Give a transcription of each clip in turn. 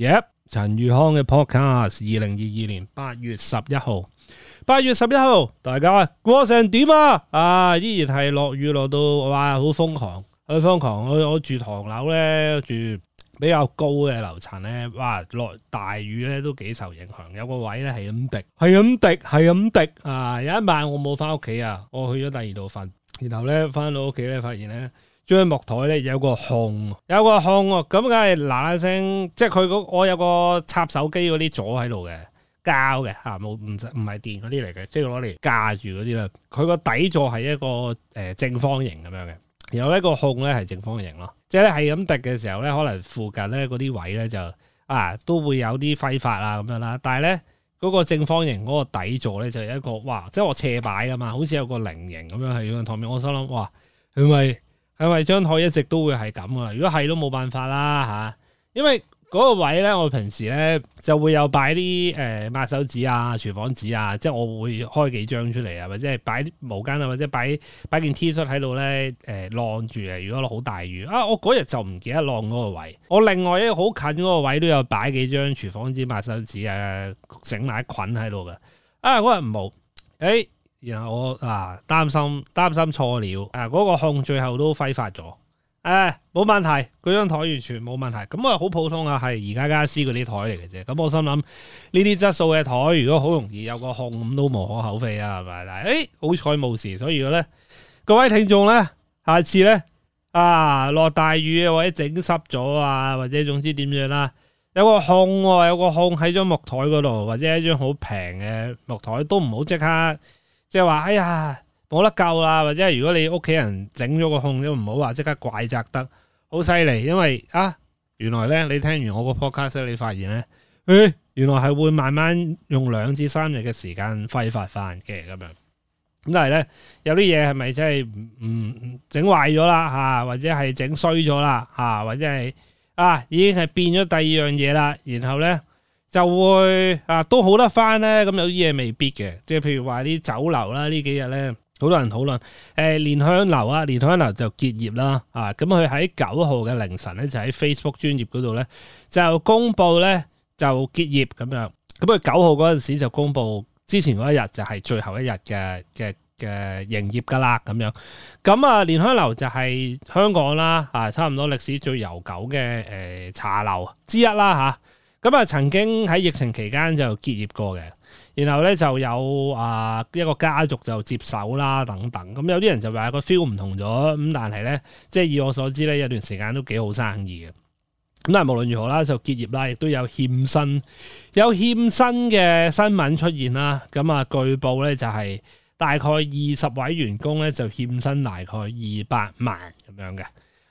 耶！陳宇、yep, 康嘅 podcast，二零二二年八月十一號，八月十一號，大家過成點啊？啊，依然係落雨落到哇，好瘋狂，好、啊、瘋狂！我我住唐樓咧，住比較高嘅樓層咧，哇，落大雨咧都幾受影響，有個位咧係咁滴，係咁滴，係咁滴啊！有一晚我冇翻屋企啊，我去咗第二度瞓，然後咧翻到屋企咧，發現咧。張木台咧有個孔，有個孔喎，咁梗係嗱嗱聲，即係佢個我有個插手機嗰啲座喺度嘅，膠嘅，嚇冇唔唔係電嗰啲嚟嘅，即係攞嚟架住嗰啲啦。佢個底座係一個誒、呃、正方形咁樣嘅，然後呢個孔咧係正方形咯，即係咧係咁滴嘅時候咧，可能附近咧嗰啲位咧就啊都會有啲揮發啊咁樣啦，但係咧嗰個正方形嗰個底座咧就一有一個哇，即係我斜擺噶嘛，好似有個菱形咁樣喺個台面，我心諗哇，係咪？因為張台一直都會係咁噶，如果係都冇辦法啦吓、啊，因為嗰個位咧，我平時咧就會有擺啲誒抹手指啊、廚房紙啊，即係我會開幾張出嚟啊，或者係擺毛巾啊，或者擺擺件 T 恤喺度咧誒晾住啊。如果落好大雨啊，我嗰日就唔記得晾嗰個位，我另外一個好近嗰個位都有擺幾張廚房紙、抹手指啊、整埋一捆喺度噶，啊嗰日冇誒。然後我啊擔心擔心錯了，誒、啊、嗰、那個控最後都揮發咗，誒、啊、冇問題，嗰張台完全冇問題，咁我好普通啊，係宜家家私嗰啲台嚟嘅啫，咁我心諗呢啲質素嘅台，如果好容易有個控，咁都無可厚非啊，係咪？但係誒、哎、好彩冇事，所以咧各位聽眾咧，下次咧啊落大雨或者整濕咗啊，或者總之點樣啦，有個控有個控喺張木台嗰度，或者一張好平嘅木台都唔好即刻。即係話，哎呀，冇得救啦！或者如果你屋企人整咗個控都唔好話即刻怪責得，好犀利。因為啊，原來咧，你聽完我個 podcast 你發現咧，誒、哎，原來係會慢慢用兩至三日嘅時間揮發翻嘅咁樣。咁但係咧，有啲嘢係咪真係唔唔整壞咗啦？吓、嗯啊，或者係整衰咗啦？吓、啊，或者係啊，已經係變咗第二樣嘢啦。然後咧。就會啊，都好得翻咧。咁、啊、有啲嘢未必嘅，即係譬如話啲酒樓啦，幾呢幾日咧，好多人討論。誒、呃，蓮香樓啊，蓮香樓就結業啦。啊，咁佢喺九號嘅凌晨咧，就喺 Facebook 專頁嗰度咧就公布咧就結業咁樣。咁佢九號嗰陣時就公布，之前嗰一日就係最後一日嘅嘅嘅營業噶啦咁樣。咁啊，蓮香樓就係香港啦、啊，啊，差唔多歷史最悠久嘅誒、欸、茶樓之一啦嚇。啊啊啊咁啊，曾經喺疫情期間就結業過嘅，然後咧就有啊一個家族就接手啦等等。咁、嗯、有啲人就話個 feel 唔同咗，咁但係咧，即係以我所知咧，有段時間都幾好生意嘅。咁但係無論如何啦，就結業啦，亦都有欠薪，有欠薪嘅新聞出現啦。咁、嗯、啊，據報咧就係大概二十位員工咧就欠薪大概二百萬咁樣嘅，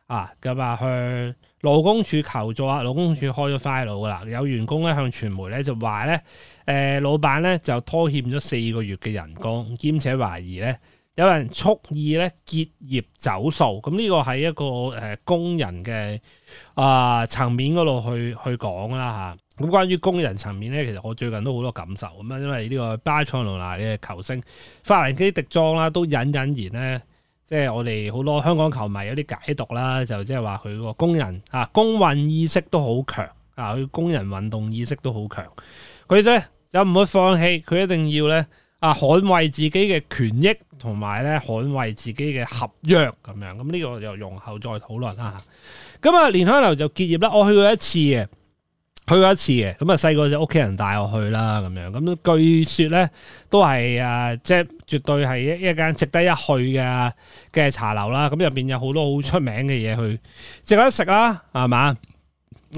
啊咁啊去。嗯向勞工處求助啊！勞工處開咗 file 㗎啦，有員工咧向傳媒咧就話咧，誒老闆咧就拖欠咗四個月嘅人工，兼且懷疑咧有人蓄意咧結業走數。咁呢個係一個誒工人嘅啊層面嗰度去去講啦嚇。咁關於工人層面咧，其實我最近都好多感受，咁啊，因為呢個巴塞羅那嘅球星法蘭基迪莊啦，都隱隱然咧。即係我哋好多香港球迷有啲解讀啦，就即係話佢個工人啊，工運意識都好強啊，佢工人運動意識都好強，佢咧就唔會放棄，佢一定要咧啊捍衛自己嘅權益同埋咧捍衛自己嘅合約咁樣，咁呢個就容後再討論啦。咁啊，蓮香樓就結業啦，我去過一次嘅。去過一次嘅，咁啊細個就屋企人帶我去啦，咁樣咁據說咧都係啊，即係絕對係一一間值得一去嘅嘅茶樓啦。咁入邊有好多好出名嘅嘢去，值得食啦，係嘛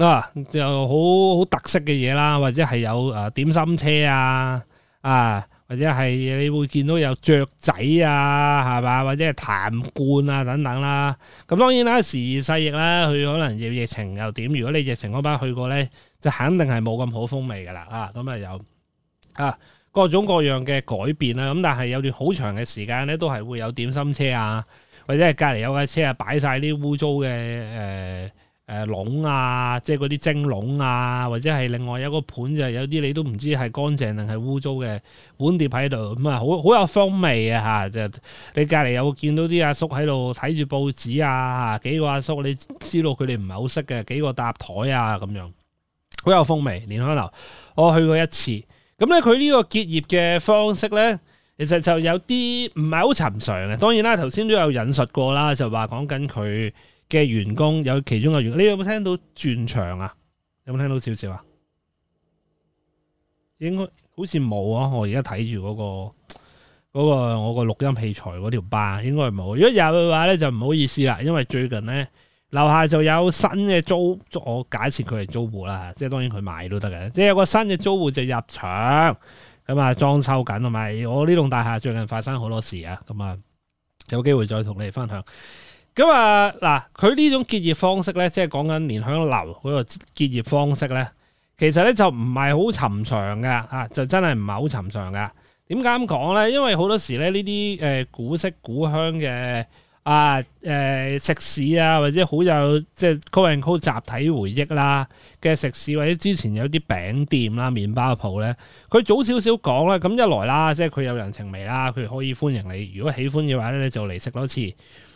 啊，就好好特色嘅嘢啦，或者係有誒、啊、點心車啊啊，或者係你會見到有雀仔啊，係嘛，或者係痰罐啊等等啦、啊。咁當然啦，時移世易啦，佢可能疫疫情又點？如果你疫情嗰班去過咧。就肯定係冇咁好風味㗎喇，啊咁啊有啊各種各樣嘅改變啦，咁但係有段好長嘅時間咧，都係會有點心車啊，或者係隔離有架車啊，擺晒啲污糟嘅誒誒籠啊，即係嗰啲蒸籠啊，或者係另外有個盤就有啲你都唔知係乾淨定係污糟嘅碗碟喺度，咁、嗯、啊好好有風味嘅嚇、啊，就你隔離有見到啲阿叔喺度睇住報紙啊，幾個阿叔你知道佢哋唔係好識嘅，幾個搭枱啊咁樣。好有風味，蓮香樓，我去過一次。咁咧，佢呢個結業嘅方式咧，其實就有啲唔係好尋常嘅。當然啦，頭先都有引述過啦，就話講緊佢嘅員工有其中個員工，你有冇聽到轉場啊？有冇聽到少少啊？應該好似冇啊！我而家睇住嗰個嗰個我個錄音器材嗰條巴，應該係冇。如果有嘅話咧，就唔好意思啦，因為最近咧。樓下就有新嘅租，我解說佢係租戶啦，即係當然佢買都得嘅。即係有個新嘅租戶就入場，咁啊裝修緊同埋我呢棟大廈最近發生好多事啊，咁啊有機會再同你哋分享。咁啊嗱，佢呢種結業方式咧，即係講緊蓮香樓嗰個結業方式咧，其實咧就唔係好尋常嘅啊，就真係唔係好尋常嘅。點解咁講咧？因為好多時咧呢啲誒古色古香嘅。啊！誒、呃、食肆啊，或者好有即係高人高集體回憶啦嘅食肆，或者之前有啲餅店啦、麵包鋪咧，佢早少少講啦，咁一來啦，即係佢有人情味啦，佢可以歡迎你。如果喜歡嘅話咧，你就嚟食多次。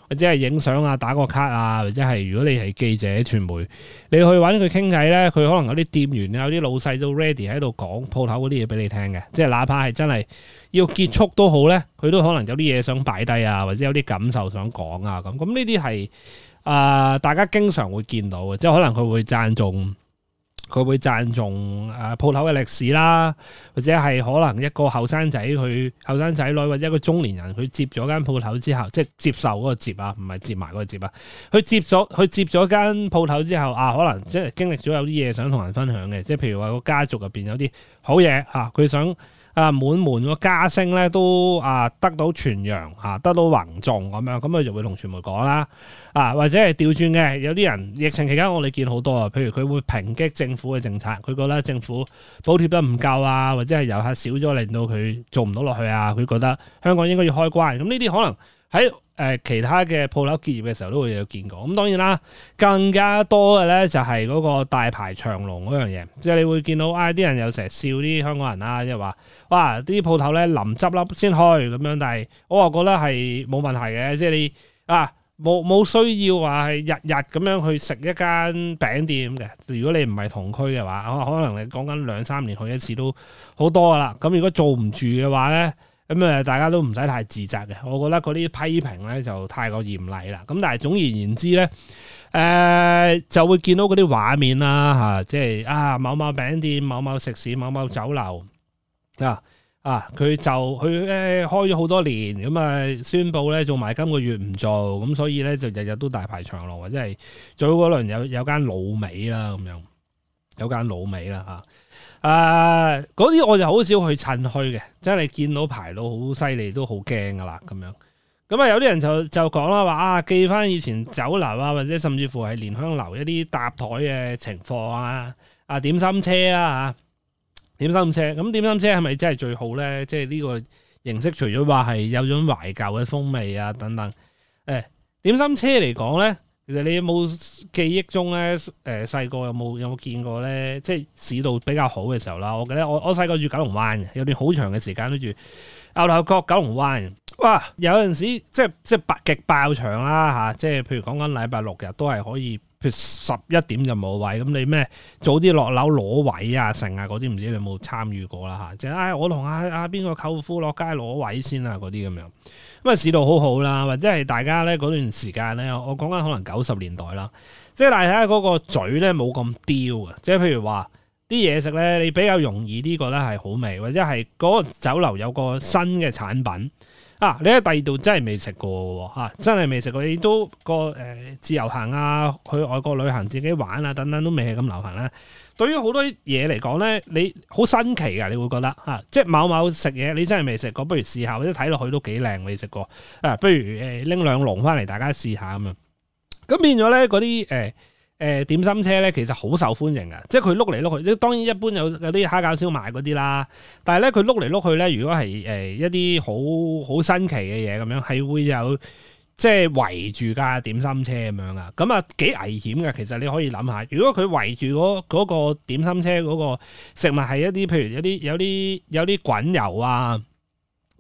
或者係影相啊，打個卡啊，或者係如果你係記者、傳媒，你去揾佢傾偈呢，佢可能有啲店員有啲老細都 ready 喺度講鋪頭嗰啲嘢俾你聽嘅，即係哪怕係真係要結束都好呢，佢都可能有啲嘢想擺低啊，或者有啲感受想講啊咁，咁呢啲係啊大家經常會見到嘅，即係可能佢會贊助。佢會贊頌誒、啊、鋪頭嘅歷史啦，或者係可能一個後生仔去後生仔女咯，或者一個中年人佢接咗間鋪頭之後，即係接受嗰個接啊，唔係接埋嗰個接啊。佢接咗佢接咗間鋪頭之後啊，可能即係經歷咗有啲嘢想同人分享嘅，即係譬如話個家族入邊有啲好嘢嚇，佢、啊、想。啊，滿門個加升咧都啊得到全陽嚇、啊，得到橫縱咁樣，咁佢就會同傳媒講啦。啊，或者係調轉嘅，有啲人疫情期間我哋見好多啊，譬如佢會抨擊政府嘅政策，佢覺得政府補貼得唔夠啊，或者係遊客少咗令到佢做唔到落去啊，佢覺得香港應該要開關。咁呢啲可能喺。誒其他嘅鋪頭結業嘅時候都會有見過，咁當然啦，更加多嘅咧就係嗰個大排長龍嗰樣嘢，即係你會見到啊！啲人又成日笑啲香港人啦，即係話哇！啲鋪頭咧臨執笠先開咁樣，但係我又覺得係冇問題嘅，即係你啊冇冇需要話係日日咁樣去食一間餅店嘅。如果你唔係同區嘅話，可能你講緊兩三年去一次都好多噶啦。咁如果做唔住嘅話咧？咁啊、嗯，大家都唔使太自責嘅。我覺得嗰啲批評咧就太過嚴厲啦。咁但係總而言之咧，誒、呃、就會見到嗰啲畫面啦嚇、啊，即係啊某某餅店、某某食肆、某，某某酒樓啊啊，佢、啊、就去誒、呃、開咗好多年，咁啊宣佈咧做埋今個月唔做，咁、啊、所以咧就日日都大排長龍，或者係早嗰輪有有間老味啦咁樣，有間老味啦嚇。啊誒嗰啲我就好少去趁墟嘅，即係你見到排到好犀利都好驚噶啦咁樣。咁啊有啲人就就講啦話啊，記翻以前酒樓啊，或者甚至乎係蓮香樓一啲搭檯嘅情況啊，啊點心車啊嚇、啊，點心車咁點心車係咪真係最好咧？即係呢個形式，除咗話係有種懷舊嘅風味啊等等，誒、哎、點心車嚟講咧。其實你有冇記憶中咧？誒細個有冇有冇見過咧？即係市道比較好嘅時候啦。我記得我我細個住九龍灣嘅，有段好長嘅時間都住牛頭角九龍灣。哇！有陣時即係即係白極爆場啦嚇、啊，即係譬如講緊禮拜六日都係可以。十一點就冇位，咁你咩早啲落樓攞位啊剩啊嗰啲，唔知你有冇參與過啦吓，即、啊、係我同阿啊邊、啊、個舅父落街攞位先啊嗰啲咁樣，咁啊市道好好啦，或者係大家呢嗰段時間呢，我講緊可能九十年代啦，即係大家嗰個嘴呢冇咁刁啊，即係譬如話啲嘢食呢，你比較容易呢個呢係好味，或者係嗰個酒樓有個新嘅產品。啊！你喺第二度真係未食過喎、啊、真係未食過。你都個誒、呃、自由行啊，去外國旅行自己玩啊等等都未係咁流行啦、啊。對於好多嘢嚟講咧，你好新奇噶，你會覺得嚇、啊，即係某某食嘢你真係未食過，不如試下。或者睇落去都幾靚，未食過啊，不如誒拎、呃、兩籠翻嚟大家試下咁樣啊。咁變咗咧嗰啲誒。誒、呃、點心車咧，其實好受歡迎嘅，即係佢碌嚟碌去。即當然一般有有啲蝦餃燒賣嗰啲啦，但係咧佢碌嚟碌去咧，如果係誒、呃、一啲好好新奇嘅嘢咁樣，係會有即係圍住架點心車咁樣噶。咁啊幾危險嘅，其實你可以諗下，如果佢圍住嗰嗰個點心車嗰個食物係一啲，譬如有啲有啲有啲滾油啊，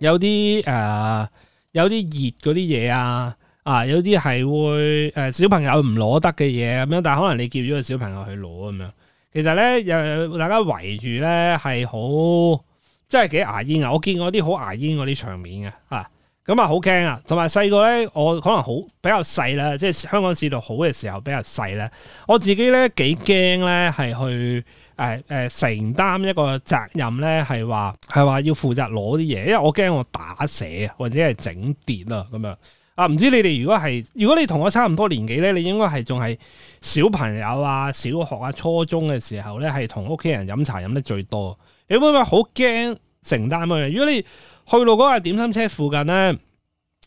有啲誒、呃、有啲熱嗰啲嘢啊。啊，有啲係會誒、呃，小朋友唔攞得嘅嘢咁樣，但係可能你叫咗個小朋友去攞咁樣，其實咧又大家圍住咧係好，即係幾牙煙啊！我見過啲好牙煙嗰啲場面嘅啊，咁啊好驚啊！同埋細個咧，我可能好比較細啦，即係香港市道好嘅時候比較細咧，我自己咧幾驚咧係去誒誒、呃呃、承擔一個責任咧，係話係話要負責攞啲嘢，因為我驚我打蛇或者係整跌啊咁樣。啊，唔知你哋如果係，如果你同我差唔多年紀咧，你應該係仲係小朋友啊，小學啊，初中嘅時候咧，係同屋企人飲茶飲得最多。你會唔會好驚承擔乜嘢？如果你去到嗰個點心車附近咧，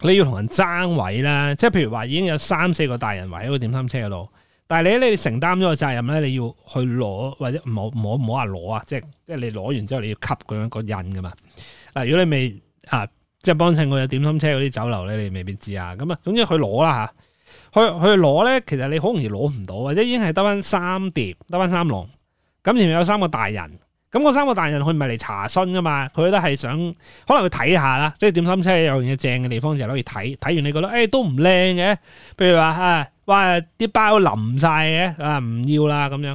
你要同人爭位啦。即係譬如話已經有三四個大人圍喺個點心車度，但係你咧，你承擔咗個責任咧，你要去攞，或者唔好唔好唔好話攞啊，即係即係你攞完之後，你要吸佢樣個印噶嘛。嗱，啊，如果你未啊。即係幫襯佢有點心車嗰啲酒樓咧，你未必知啊。咁啊，總之佢攞啦吓，佢佢攞咧，其實你好容易攞唔到，啊。即已經係得翻三碟，得翻三籠。咁前面有三個大人，咁嗰三個大人佢唔係嚟查詢㗎嘛，佢都係想可能去睇下啦，即係點心車有樣嘢正嘅地方就攞嚟睇。睇完你覺得誒、哎、都唔靚嘅，譬如話啊，哇啲包淋晒嘅啊，唔要啦咁樣。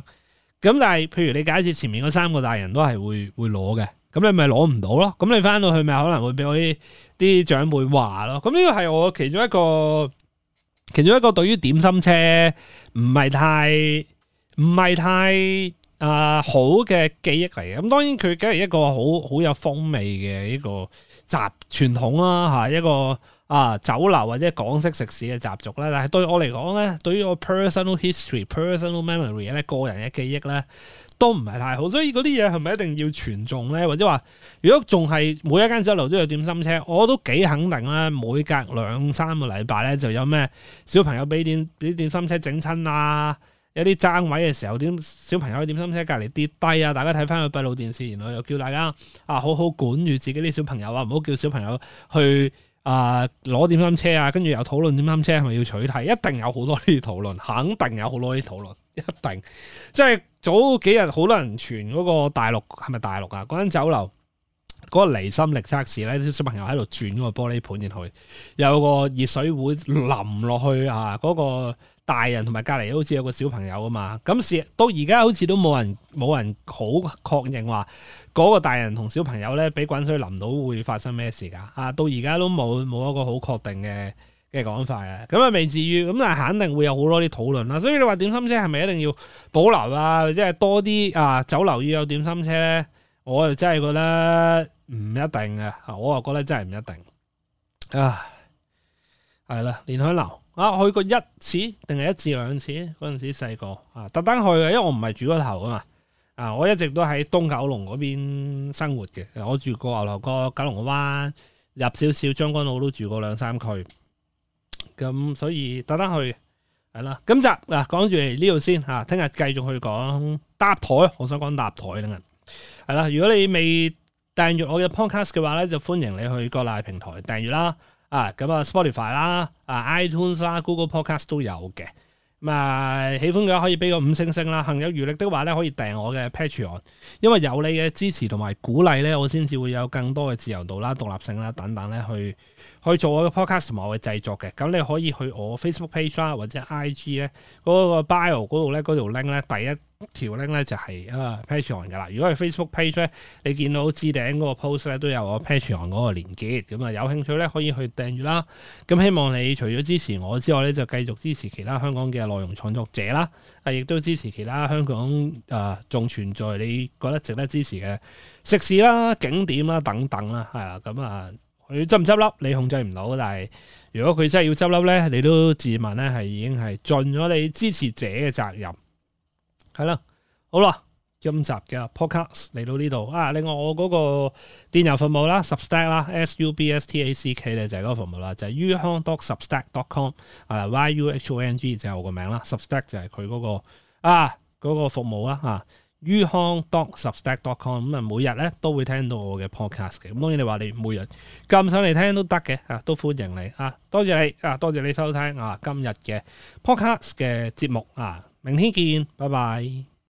咁但係譬如你解釋前面嗰三個大人都，都係會會攞嘅。咁你咪攞唔到咯，咁你翻到去咪可能會俾我啲啲長輩話咯。咁呢個係我其中一個其中一個對於點心車唔係太唔係太啊、呃、好嘅記憶嚟嘅。咁當然佢梗係一個好好有風味嘅一個習傳統啦、啊、嚇，一個啊酒樓或者港式食肆嘅習俗啦。但係對我嚟講咧，對於我 personal history personal memory 咧個人嘅記憶咧。都唔係太好，所以嗰啲嘢係咪一定要全中呢？或者話如果仲係每一間酒樓都有點心車，我都幾肯定啦。每隔兩三個禮拜咧，就有咩小朋友俾啲俾點心車整親啊，有啲爭位嘅時候，點小朋友啲點心車隔離跌低啊！大家睇翻個閉路電視，然後又叫大家啊，好好管住自己啲小朋友啊，唔好叫小朋友去。啊！攞點心車啊，跟住又討論點心車係咪要取締，一定有好多啲討論，肯定有好多啲討論，一定。即係早幾日好多人傳嗰個大陸係咪大陸啊？嗰間酒樓嗰個離心力測試咧，啲小朋友喺度轉嗰個玻璃盤入去，有個熱水會淋落去啊！嗰個大人同埋隔離好似有個小朋友啊嘛，咁時到而家好似都冇人冇人好確認話嗰個大人同小朋友咧俾滾水淋到會發生咩事㗎？啊，到而家都冇冇一個好確定嘅嘅講法啊，咁啊未至於，咁但係肯定會有好多啲討論啦。所以你話點心車係咪一定要保留啊？即係多啲啊酒樓要有點心車咧，我又真係覺得唔一定嘅，我又覺得真係唔一定啊。係啦，蓮香樓啊，去過一次定係一至兩次兩次嗰陣時細個啊，特登去嘅，因為我唔係住嗰頭啊嘛，啊，我一直都喺東九龍嗰邊生活嘅，我住過牛頭角、九龍灣，入少少將軍澳都住過兩三區，咁、啊、所以特登去係啦，咁就嗱講住呢度先吓，聽日繼續去講搭台，我想講搭台啦，係啦，如果你未訂閱我嘅 podcast 嘅話咧，就歡迎你去各大平台訂閱啦。啊，咁啊 Spotify 啦，啊 iTunes 啦，Google Podcast 都有嘅。咁啊，喜歡嘅話可以俾個五星星啦。行有餘力的話咧，可以訂我嘅 Patreon，因為有你嘅支持同埋鼓勵咧，我先至會有更多嘅自由度啦、獨立性啦等等咧，去去做我嘅 podcast 同埋我嘅製作嘅。咁你可以去我 Facebook page 啦，或者 IG 咧嗰個 bio 嗰度咧嗰條 link 咧第一。條 link 咧就係啊 Patreon 噶啦，如果係 Facebook Page 咧，你見到置頂嗰個 post 咧都有我 Patreon 嗰個鏈接，咁啊有興趣咧可以去訂閱啦。咁希望你除咗支持我之外咧，就繼續支持其他香港嘅內容創作者啦，啊亦都支持其他香港啊仲、呃、存在你覺得值得支持嘅食肆啦、景點啦等等啦，係啊咁啊佢執唔執笠你控制唔到，但係如果佢真係要執笠咧，你都自問咧係已經係盡咗你支持者嘅責任。係啦，好啦，今集嘅 podcast 嚟到呢度啊。另外我嗰個電郵服務啦，sub stack 啦，substack 啦，s u b s t a c k、就係嗰個服務啦，就係、是 uh、y u h o n g d o t s u b s t a c k d o t c o m 啊，yuhong 就係我個名啦，substack 就係佢嗰個啊個服務啦啊。y u h o n g d o t s u b s t a c k d o t c o m 咁啊，每日咧都會聽到我嘅 podcast 嘅。咁當然你話你每日撳上嚟聽都得嘅啊，都歡迎你啊。多謝你啊，多謝你收聽啊今日嘅 podcast 嘅節目啊。明天見，拜拜。